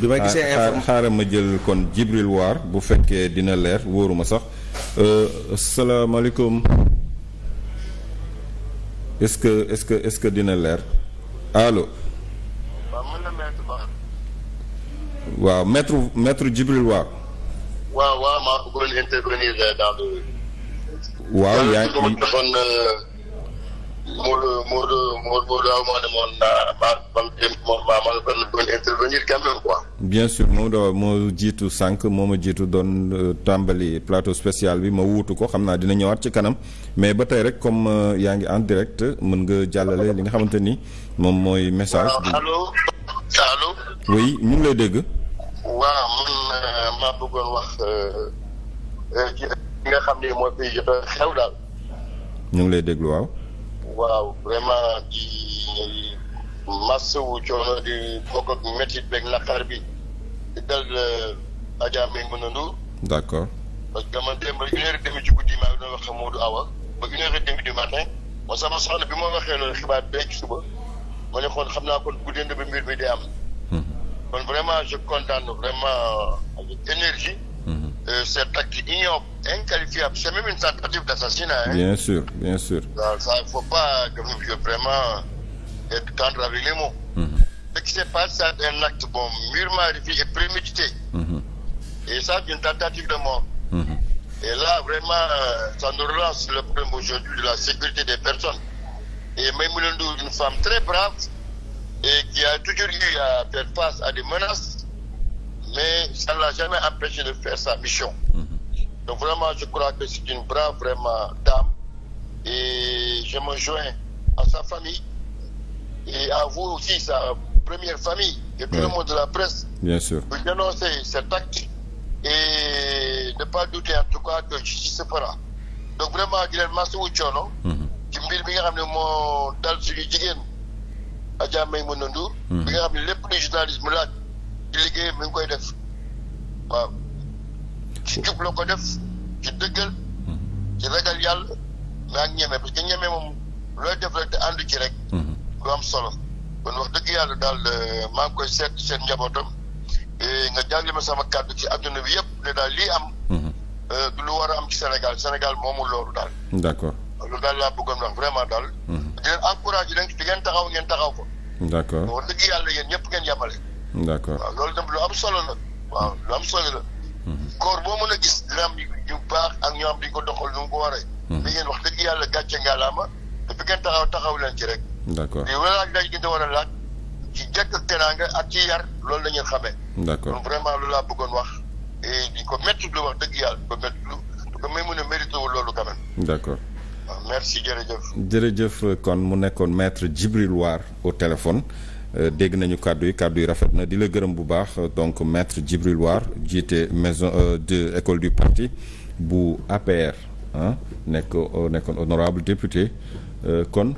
bi ma gisee information xaaral ma jël kon Jibril Waar bu fekkee dina leer wóoruma sax asalaamaaleykum est-ce que est-ce que est-ce que dina leer allo. waaw mën na maître Ba. waaw maître maître Jibril Waar. waaw waaw maa bëggoon intervenir dans le. waaw yaa ngi ci defoon Modou Modou Modou Modou Awa maa demoon naa maa man maa maa bëggoon intervenir quand même quoi. bien sûr Maodo moo jiitu sànq moo ma jiitu doon euh, tàmbali plateau spécial bi ma wuutu ko xam naa dina ñëwaat ci kanam mais ba tey rek comme euh, yaa ngi en direct mën nga jàllale li nga xamante ni moom mooy message. waaw ñu ngi lay dégg. waaw man euh, wax ci li nga xam ne mooy fii jot xew daal. ñu ngi lay déglu waaw. waaw vraiment di masawu coono di bokk ak métit beeg naqar bi. di dal euh, Adja Maïmouna Ndour. d' accord. parce que man dem ba une heure et ci guddi maa ngi doon wax ak Modou Awa ba une heure et du matin ma sama soxna bi ma waxee loolu xibaar bi suba ma ne xool xam naa kon guddee na ba mbir mi di am. Hmm. kon vraiment je condamne vraiment avec énergie. Hmm. Euh, cet acte ignoble, inqualifiable, c'est même une tentative d'assassinat. Bien sûr, bien sûr. Ça, il ne faut pas que vraiment être tendre avec qui se passe, c'est un acte bon, mûrement réfléchi et prémédité. Mhm. Et ça, c'est tentative de mort. Mhm. Et là, vraiment, euh, ça nous relance le problème aujourd'hui de la sécurité des personnes. Et Maïmoulendou, une femme très brave et qui a toujours eu à faire face à des menaces, mais ça ne l'a jamais empêché de faire sa mission. Mhm. Donc vraiment, je crois que c'est une brave dame. Et je me joins à sa famille et à vous aussi, ça première famille et tout de la presse. Bien sûr. Pour dénoncer cet acte et ne pas douter en tout cas que justice se donc vraiment di leen masawu coono. Mhm. ci mbir bi nga xam ne moo dal suñu jigéen Adja Maïmouna Ndour. bi mhm. nga xam ne lépp luy mu laaj di liggéey mi ngi koy def waaw ci jub la ko def ci dëggal mhm. ci ragal yàlla nga ak ñeme parce que ñeme moom looy def rek te àndu ci rek. lu am solo. kon wax dëgg yàlla daal euh, maa ngi koy seet seen njabootam nga jàngi ma sama kàddu ci adduna bi yëpp ne daal lii am. Mhm. Euh, du lu war a am ci senegal senegal moomu loolu daal. d'accord loolu daal laa bëggoon wax vraiment daal. di mhm. leen encouragé leen di ngeen taxaw ngeen taxaw ko. d'accord dëgg yàlla yéen ñëpp ngeen yemale. d'accord loolu itam lu am solo la. waaw mhm. lu am solo la. koor boo mën a gis dina am ñu baax ak ñoo am di ko doxal nu mu ko waree. di ngeen wax dëgg yàlla gàcce ngalaama te fi ngeen taxaw taxaw leen ci rek. d'accord mais wala laaj gi nga a laaj ci jëkk ak ak ci yar loolu la ñuy xamee. d'accord vraiment lu laa bëggoon wax. di ko métti lu wax dëgg yàlla di ko métti lu di ko ah, jërëjëf. kon mu nekkoon maître Djibril au téléphone euh, dégg nañu kàddu yi kàddu yi rafet na di la gërëm bu baax euh, donc maître Djibril War jiite maison euh, de école du parti bu APR ah nekk nekkoon honorable député kon.